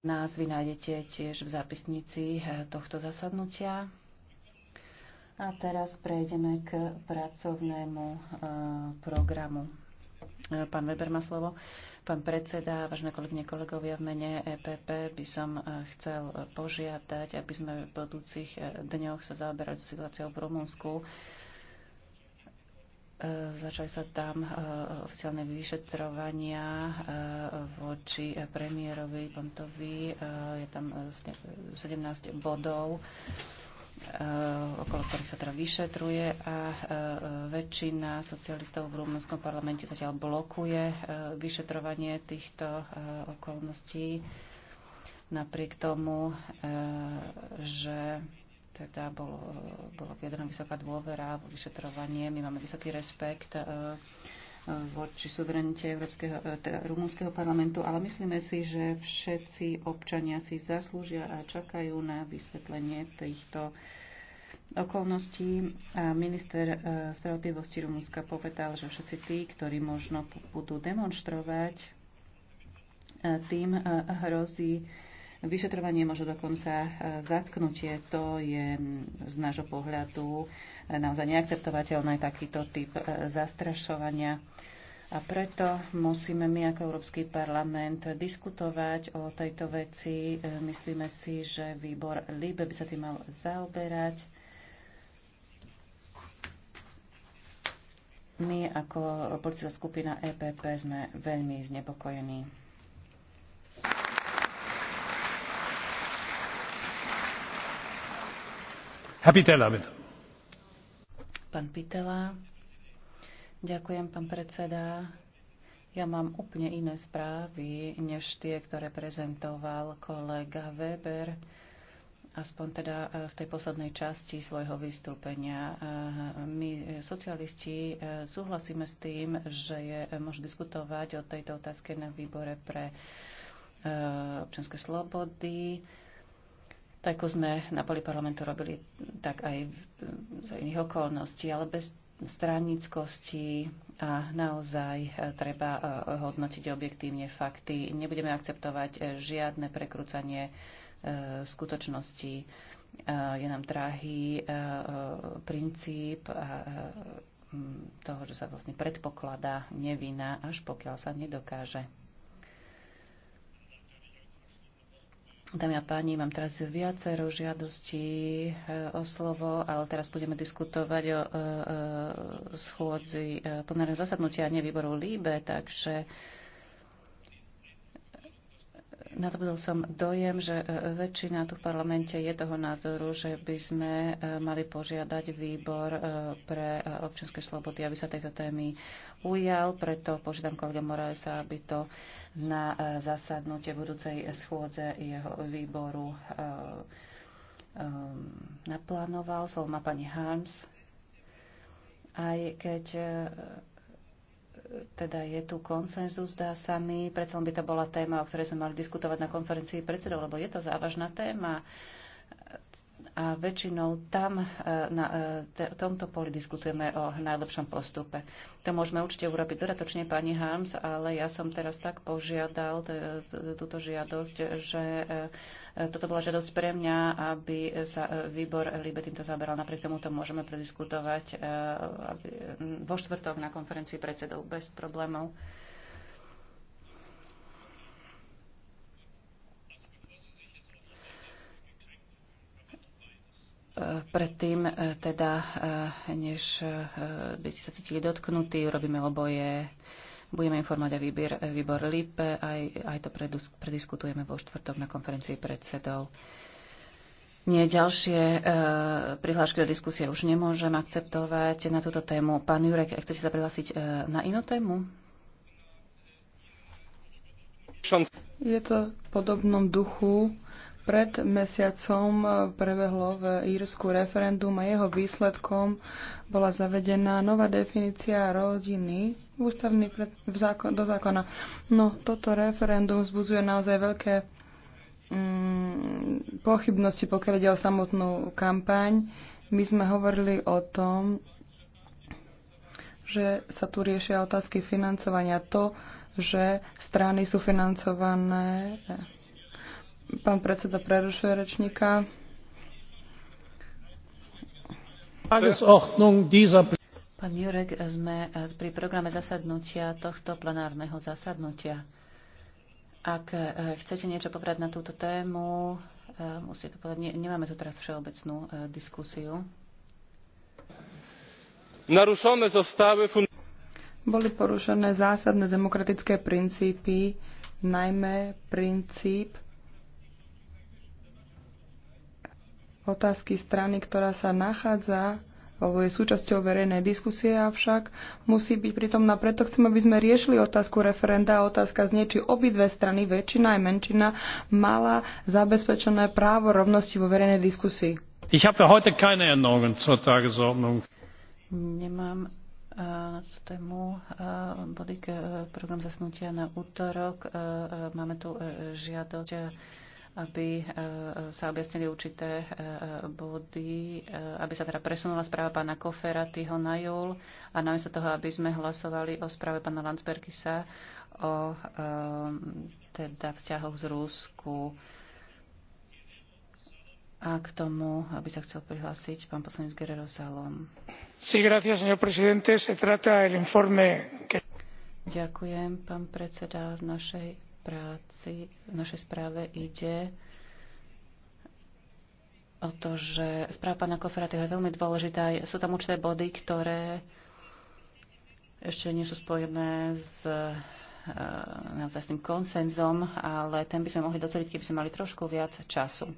Názvy nájdete tiež v zápisnici eh, tohto zasadnutia. A teraz prejdeme k pracovnému eh, programu. Eh, pán Weber má slovo. Pán predseda, vážne kolegyne, kolegovia, v mene EPP by som chcel požiadať, aby sme v budúcich dňoch sa zaoberali situáciou v Rumunsku. Začali sa tam e, oficiálne vyšetrovania e, voči premiérovi Pontovi. E, je tam 17 bodov, okolo ktorých sa teda vyšetruje a väčšina socialistov v rumunskom parlamente zatiaľ blokuje vyšetrovanie týchto okolností. Napriek tomu, že teda bolo, bolo vyjadrená vysoká dôvera vo vyšetrovanie. My máme vysoký respekt e, voči suverenite Európskeho, e, teda Rumunského parlamentu, ale myslíme si, že všetci občania si zaslúžia a čakajú na vysvetlenie týchto okolností. A minister e, spravodlivosti Rumunska povedal, že všetci tí, ktorí možno budú demonstrovať, tým hrozí vyšetrovanie, možno dokonca e, zatknutie. To je z nášho pohľadu e, naozaj neakceptovateľné takýto typ e, zastrašovania. A preto musíme my ako Európsky parlament diskutovať o tejto veci. Myslíme si, že výbor LIBE by sa tým mal zaoberať. My ako politická skupina EPP sme veľmi znepokojení. Pán Pitela, ďakujem, pán predseda. Ja mám úplne iné správy, než tie, ktoré prezentoval kolega Weber, aspoň teda e, v tej poslednej časti svojho vystúpenia. E, my, socialisti, e, súhlasíme s tým, že je možno diskutovať o tejto otázke na výbore pre občanské slobody. Tak ako sme na poli parlamentu robili, tak aj za iných okolností, ale bez stranickosti a naozaj e, treba e, hodnotiť objektívne fakty. Nebudeme akceptovať e, žiadne prekrúcanie skutočnosti. Je nám drahý princíp toho, že sa vlastne predpokladá nevina, až pokiaľ sa nedokáže Dámy a páni, mám teraz viacero žiadostí e, o slovo, ale teraz budeme diskutovať o e, e, schôdzi plnárne zasadnutia, nie výboru Líbe, takže Nadobudol som dojem, že e, väčšina tu v parlamente je toho názoru, že by sme e, mali požiadať výbor e, pre občianske slobody, aby sa tejto témy ujal. Preto požiadam kolega Moraesa, aby to na zasadnutie budúcej schôdze jeho výboru naplánoval. Slovo má pani Harms. Aj keď teda je tu konsenzus, dá sa mi. Predsa by to bola téma, o ktorej sme mali diskutovať na konferencii predsedov, lebo je to závažná téma a väčšinou tam e, na e, tomto poli diskutujeme o najlepšom postupe. To môžeme určite urobiť dodatočne, pani Harms, ale ja som teraz tak požiadal túto žiadosť, že e, toto bola žiadosť pre mňa, aby sa výbor Libe týmto zaberal. Napriek tomu to môžeme prediskutovať vo štvrtok na konferencii predsedov bez problémov. Predtým, e, teda, e, než e, by ste sa cítili dotknutí, robíme oboje. Budeme informovať aj výbor, výbor LIP, aj, aj to prediskutujeme vo štvrtok na konferencii predsedov. Nie, ďalšie e, prihlášky do diskusie už nemôžem akceptovať na túto tému. Pán Jurek, chcete sa prihlásiť e, na inú tému? Je to v podobnom duchu pred mesiacom eh, prebehlo v Írsku referendum a jeho výsledkom bola zavedená nová definícia rodiny v ústavný pred, v zákon, do zákona. No toto referendum vzbudzuje naozaj veľké mm, pochybnosti, pokiaľ ide o samotnú kampaň. My sme hovorili o tom, že sa tu riešia otázky financovania. To, že strany sú financované Pán predseda prerušuje rečníka. Pán Jurek, sme eh, pri programe zasadnutia tohto plenárneho zasadnutia. Ak eh, chcete niečo povedať na túto tému, eh, musíte to povedať. Nemáme tu teraz všeobecnú diskusiu. Narušone zostały boli porušené zásadné demokratické princípy, najmä princíp otázky strany, ktorá sa nachádza alebo je súčasťou verejnej diskusie, avšak musí byť na Preto chcem, aby sme riešili otázku referenda a otázka znie, či obidve strany, väčšina aj menšina, mala zabezpečené právo rovnosti vo verejnej diskusii. Ich habe heute keine Änderungen zur Tagesordnung. Nemám eh, na tú tému eh, body k eh, program zasnutia na útorok. Máme tu žiadosť aby e, sa objasnili určité e, body, e, aby sa teda presunula správa pána Koferatyho na júl a namiesto toho, aby sme hlasovali o správe pána Landsbergisa o teda vzťahoch z Rúsku. A k tomu, aby sa chcel prihlásiť pán poslanec Guerrero Salom. Sí, gracias, señor presidente. Se trata el informe que... Ďakujem, pán predseda, v našej práci, v našej správe ide o to, že správa pána Koferatyho je veľmi dôležitá. Sú tam určité body, ktoré ešte nie sú spojené s e, naozaj s tým konsenzom, ale ten by sme mohli doceliť, keby sme mali trošku viac času.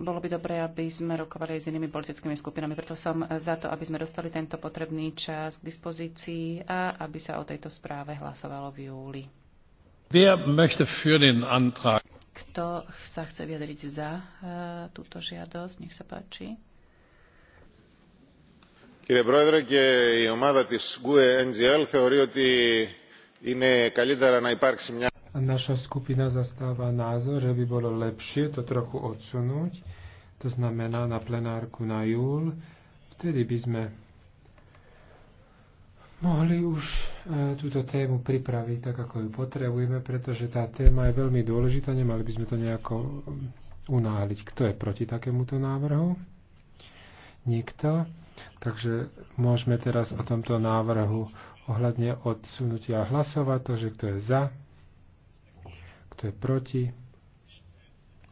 bolo by dobré, aby sme rokovali aj s inými politickými skupinami. Preto som za to, aby sme dostali tento potrebný čas k dispozícii a aby sa o tejto správe hlasovalo v júli. Kto sa chce vyjadriť za uh, túto žiadosť? Nech sa páči. Κύριε Πρόεδρε, και η ομάδα της GUE-NGL θεωρεί ότι είναι καλύτερα να υπάρξει μια... Naša skupina zastáva názor, že by bolo lepšie to trochu odsunúť, to znamená na plenárku na júl. Vtedy by sme mohli už e, túto tému pripraviť tak, ako ju potrebujeme, pretože tá téma je veľmi dôležitá, nemali by sme to nejako e, unáhliť. Kto je proti takémuto návrhu? Nikto. Takže môžeme teraz o tomto návrhu ohľadne odsunutia hlasovať, to, že kto je za, kto je proti?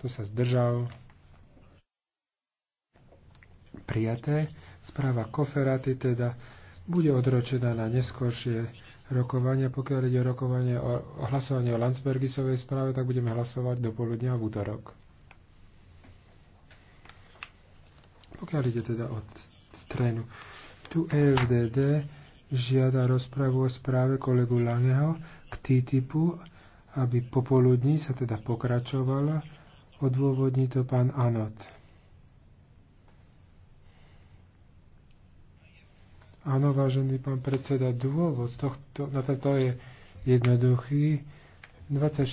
Kto sa zdržal? Prijaté. Správa Koferaty teda bude odročená na neskôršie rokovania. Pokiaľ ide o rokovanie o, o hlasovanie o Landsbergisovej správe, tak budeme hlasovať do poludnia v útorok. Pokiaľ ide teda od trénu. Tu EFDD žiada rozpravu o správe kolegu Langeho k TTIPu aby popoludní sa teda pokračovala. Odôvodní to pán Anot. Áno, vážený pán predseda, dôvod tohto, na toto je jednoduchý. 24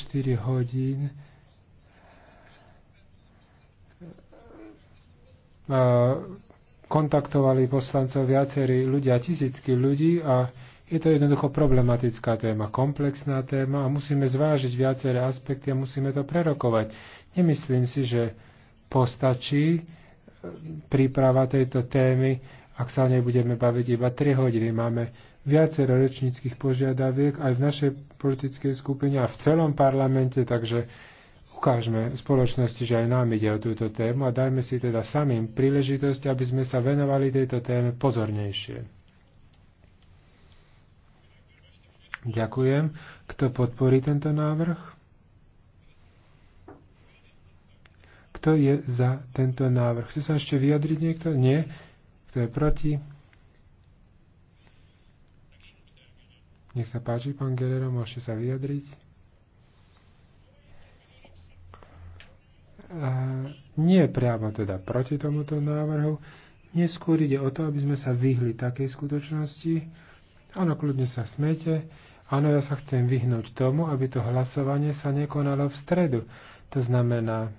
hodín kontaktovali poslancov viacerí ľudia, tisícky ľudí a je to jednoducho problematická téma, komplexná téma a musíme zvážiť viaceré aspekty a musíme to prerokovať. Nemyslím si, že postačí e, príprava tejto témy, ak sa nebudeme baviť iba 3 hodiny. Máme viacero rečníckých požiadaviek aj v našej politickej skupine a v celom parlamente, takže ukážme spoločnosti, že aj nám ide o túto tému a dajme si teda samým príležitosť, aby sme sa venovali tejto téme pozornejšie. Ďakujem. Kto podporí tento návrh? Kto je za tento návrh? Chce sa ešte vyjadriť niekto? Nie. Kto je proti? Nech sa páči, pán Gerero, môžete sa vyjadriť. A nie priamo teda proti tomuto návrhu. Neskôr ide o to, aby sme sa vyhli takej skutočnosti. Áno, kľudne sa smete Áno, ja sa chcem vyhnúť tomu, aby to hlasovanie sa nekonalo v stredu. To znamená,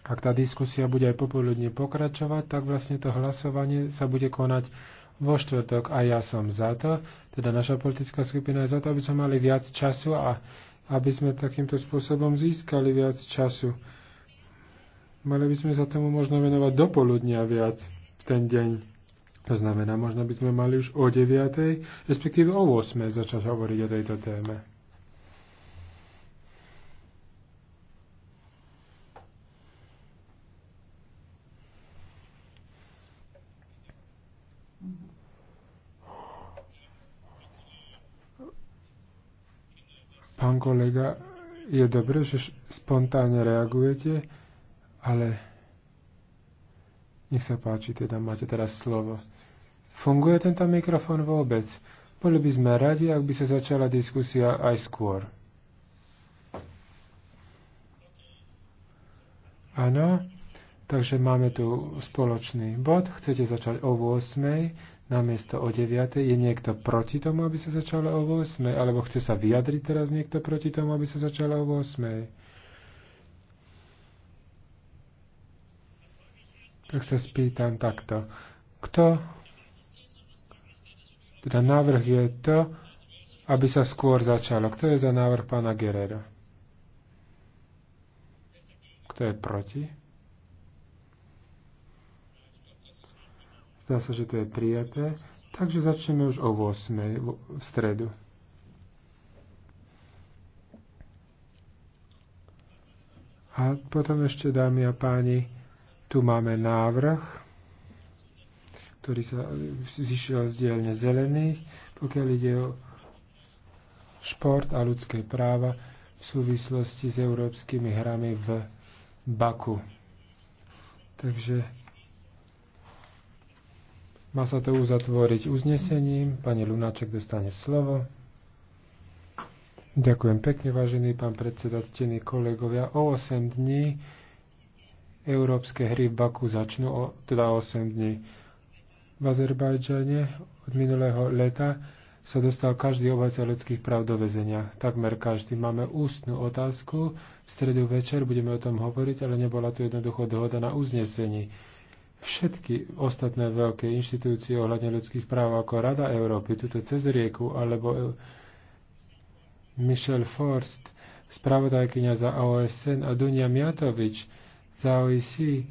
ak tá diskusia bude aj popoludne pokračovať, tak vlastne to hlasovanie sa bude konať vo štvrtok a ja som za to, teda naša politická skupina je za to, aby sme mali viac času a aby sme takýmto spôsobom získali viac času. Mali by sme sa tomu možno venovať poludnia viac v ten deň. To znamená, možno by sme mali už o 9, respektíve o 8 začať hovoriť o tejto téme. Pán kolega, je dobré, že spontánne reagujete, ale nech sa páči, teda máte teraz slovo. Funguje tento mikrofón vôbec? Boli by sme radi, ak by sa začala diskusia aj skôr. Áno, takže máme tu spoločný bod. Chcete začať o 8. namiesto o 9. Je niekto proti tomu, aby sa začalo o 8. Alebo chce sa vyjadriť teraz niekto proti tomu, aby sa začalo o 8. tak sa spýtam takto. Kto? Teda návrh je to, aby sa skôr začalo. Kto je za návrh pána Gerera? Kto je proti? Zdá sa, že to je prijaté. Takže začneme už o 8. v stredu. A potom ešte, dámy a páni, tu máme návrh, ktorý sa zišiel z dielne zelených, pokiaľ ide o šport a ľudské práva v súvislosti s európskymi hrami v Baku. Takže má sa to uzatvoriť uznesením. Pani Lunáček dostane slovo. Ďakujem pekne, vážený pán predseda, ctení kolegovia. O 8 dní Európske hry v Baku začnú o, teda 8 dní. V Azerbajdžane od minulého leta sa dostal každý obhajca ľudských práv do väzenia. Takmer každý. Máme ústnu otázku. V stredu večer budeme o tom hovoriť, ale nebola to jednoducho dohoda na uznesení. Všetky ostatné veľké inštitúcie ohľadne ľudských práv ako Rada Európy, tuto cez rieku, alebo e, Michel Forst, spravodajkyňa za OSN a Dunia Miatovič, za OEC,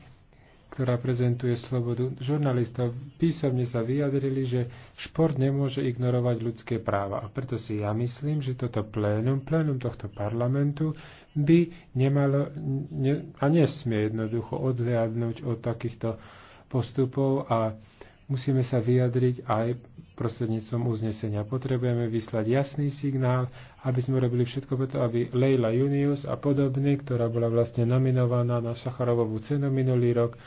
ktorá prezentuje slobodu žurnalistov, písomne sa vyjadrili, že šport nemôže ignorovať ľudské práva. A preto si ja myslím, že toto plénum, plénum tohto parlamentu by nemalo ne, a nesmie jednoducho odhľadnúť od takýchto postupov a musíme sa vyjadriť aj prostredníctvom uznesenia. Potrebujeme vyslať jasný signál, aby sme robili všetko preto, aby Leila Junius a podobný, ktorá bola vlastne nominovaná na Sacharovovú cenu minulý rok,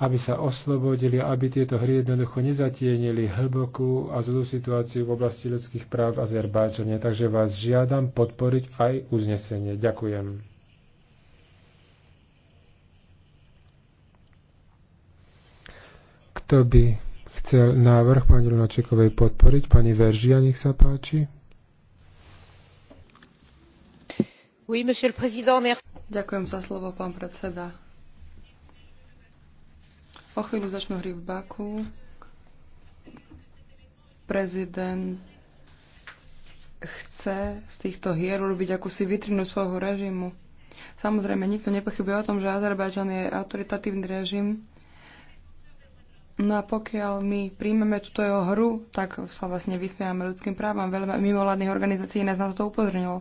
aby sa oslobodili, aby tieto hry jednoducho nezatienili hlbokú a zlú situáciu v oblasti ľudských práv v Azerbáčane. Takže vás žiadam podporiť aj uznesenie. Ďakujem. Kto by chcel návrh pani Lunačekovej podporiť? Pani Veržia, nech sa páči. Oui, monsieur le président, merci. Ďakujem za slovo, pán predseda. O chvíľu začnú hry v Baku. Prezident chce z týchto hier urobiť akúsi vitrinu svojho režimu. Samozrejme, nikto nepochybuje o tom, že Azerbajdžan je autoritatívny režim, No a pokiaľ my príjmeme túto jeho hru, tak sa vlastne vysmievame ľudským právam. Veľa mimovládnych organizácií nás na to upozornilo.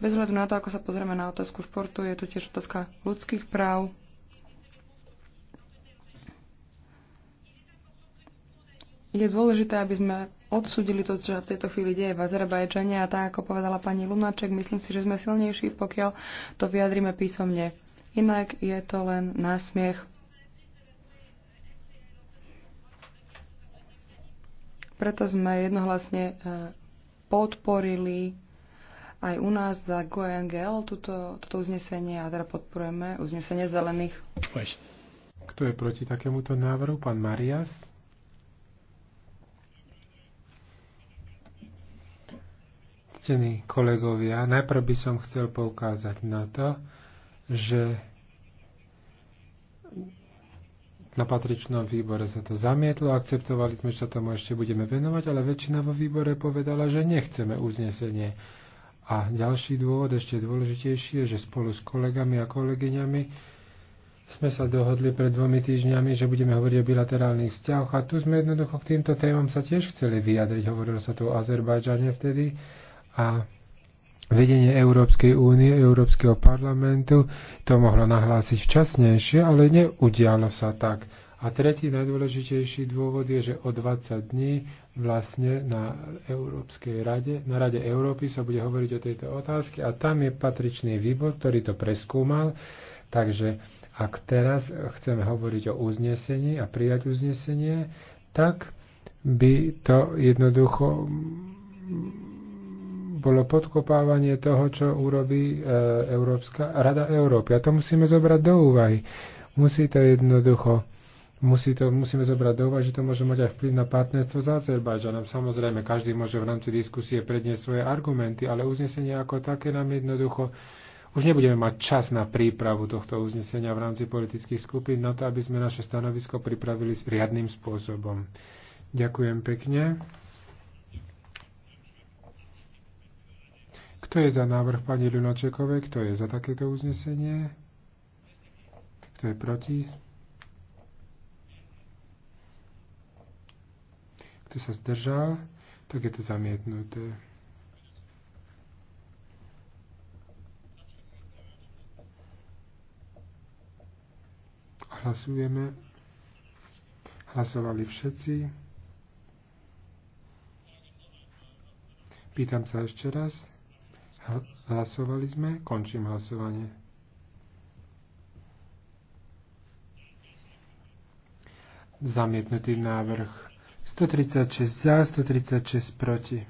Bez hľadu na to, ako sa pozrieme na otázku športu, je tu tiež otázka ľudských práv. Je dôležité, aby sme odsudili to, čo v tejto chvíli deje v Azerbajdžane a tak, ako povedala pani Lunaček, myslím si, že sme silnejší, pokiaľ to vyjadríme písomne. Inak je to len násmiech Preto sme jednohlasne e, podporili aj u nás za GoNGL toto, toto uznesenie a teda podporujeme uznesenie zelených. Kto je proti takémuto návrhu? Pán Marias? Ctení kolegovia, najprv by som chcel poukázať na to, že na patričnom výbore sa to zamietlo, akceptovali sme, že sa tomu ešte budeme venovať, ale väčšina vo výbore povedala, že nechceme uznesenie. A ďalší dôvod, ešte dôležitejší, je, že spolu s kolegami a kolegyňami sme sa dohodli pred dvomi týždňami, že budeme hovoriť o bilaterálnych vzťahoch a tu sme jednoducho k týmto témam sa tiež chceli vyjadriť. Hovorilo sa tu o Azerbajdžane vtedy a vedenie Európskej únie, Európskeho parlamentu to mohlo nahlásiť včasnejšie, ale neudialo sa tak. A tretí najdôležitejší dôvod je, že o 20 dní vlastne na Európskej rade, na Rade Európy sa bude hovoriť o tejto otázke a tam je patričný výbor, ktorý to preskúmal. Takže ak teraz chceme hovoriť o uznesení a prijať uznesenie, tak by to jednoducho bolo podkopávanie toho, čo urobí e, Európska rada Európy. A to musíme zobrať do úvahy. Musí to jednoducho musí to, musíme zobrať do úvahy, že to môže mať aj vplyv na partnerstvo s Azerbajdžanom. Samozrejme, každý môže v rámci diskusie predniesť svoje argumenty, ale uznesenie ako také nám jednoducho už nebudeme mať čas na prípravu tohto uznesenia v rámci politických skupín na to, aby sme naše stanovisko pripravili riadným spôsobom. Ďakujem pekne. Kto je za návrh pani Lunačekovej? Kto je za takéto uznesenie? Kto je proti? Kto sa zdržal? Tak je to zamietnuté. Hlasujeme. Hlasovali všetci. Pýtam sa ešte raz. Hlasovali sme. Končím hlasovanie. Zamietnutý návrh. 136 za, 136 proti.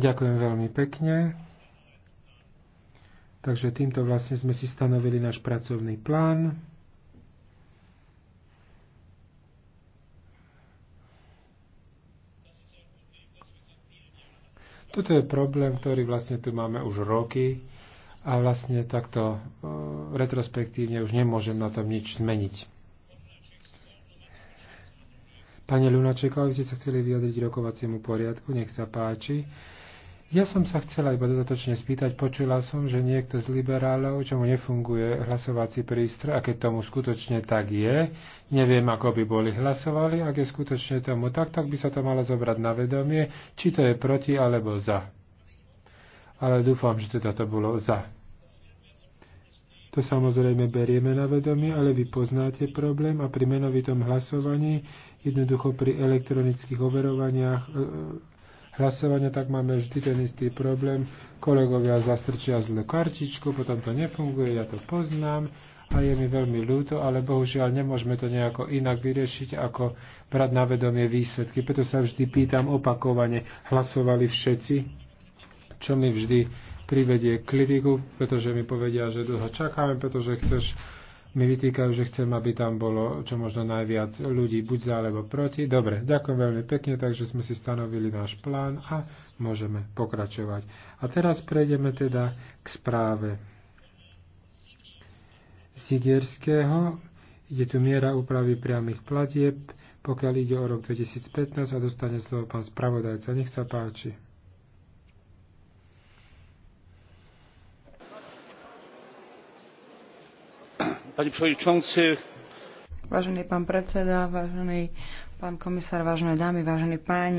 Ďakujem veľmi pekne. Takže týmto vlastne sme si stanovili náš pracovný plán. Toto je problém, ktorý vlastne tu máme už roky a vlastne takto e, retrospektívne už nemôžem na tom nič zmeniť. Pane Lunačekovi, ste sa chceli vyjadriť rokovaciemu poriadku, nech sa páči. Ja som sa chcela iba dodatočne spýtať, počula som, že niekto z liberálov, čomu nefunguje hlasovací prístroj, a keď tomu skutočne tak je, neviem, ako by boli hlasovali, ak je skutočne tomu tak, tak by sa to malo zobrať na vedomie, či to je proti alebo za. Ale dúfam, že teda to bolo za. To samozrejme berieme na vedomie, ale vy poznáte problém a pri menovitom hlasovaní, jednoducho pri elektronických overovaniach, e, hlasovania, tak máme vždy ten istý problém. Kolegovia zastrčia zlú kartičku, potom to nefunguje, ja to poznám a je mi veľmi ľúto, ale bohužiaľ nemôžeme to nejako inak vyriešiť, ako brať na vedomie výsledky. Preto sa vždy pýtam opakovane, hlasovali všetci, čo mi vždy privedie k kritiku, pretože mi povedia, že dlho čakáme, pretože chceš mi vytýkajú, že chcem, aby tam bolo čo možno najviac ľudí, buď za alebo proti. Dobre, ďakujem veľmi pekne, takže sme si stanovili náš plán a môžeme pokračovať. A teraz prejdeme teda k správe Sigierského. Je tu miera úpravy priamých platieb, pokiaľ ide o rok 2015 a dostane slovo pán spravodajca. Nech sa páči. Vážený pán predseda, vážený pán komisár, vážené dámy, vážení páni.